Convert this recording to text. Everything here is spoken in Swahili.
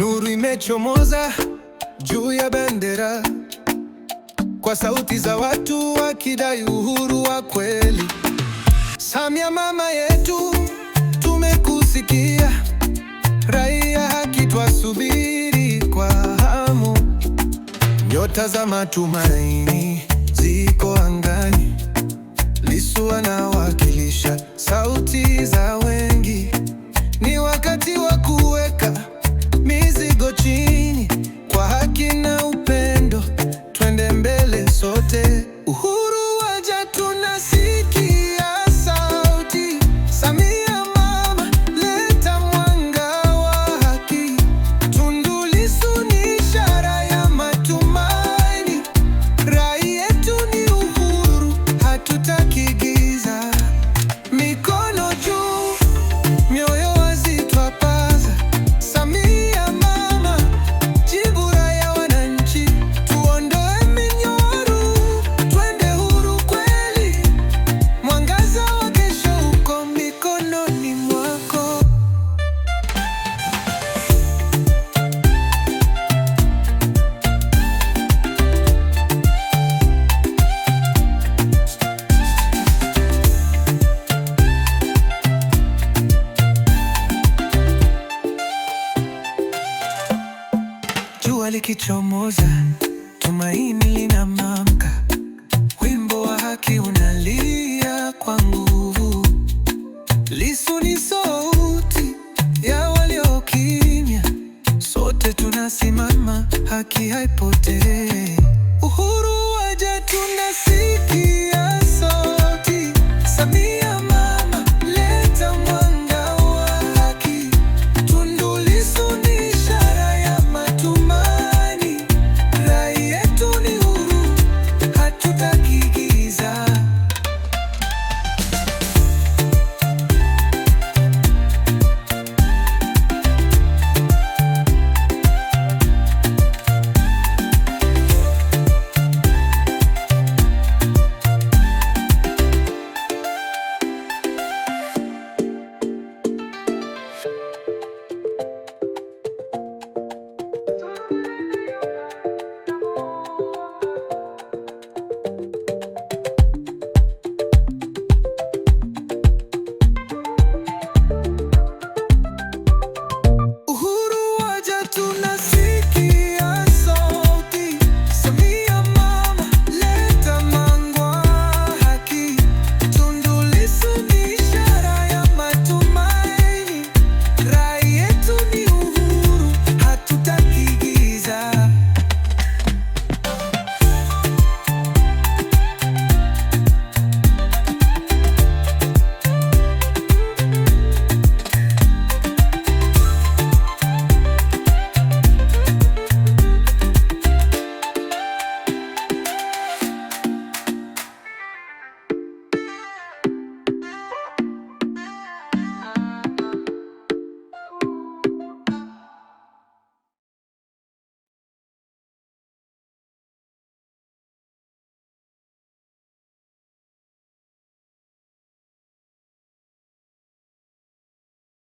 Nuru imechomoza juu ya bendera kwa sauti za watu wakidai uhuru wa kweli. Samia mama yetu, tumekusikia. Raia haki, twasubiri kwa hamu, nyota za matumaini. likichomoza, tumaini linamamka, wimbo wa haki unalia kwa nguvu. Lisu ni sauti ya waliokimya, sote tunasimama, haki haipotee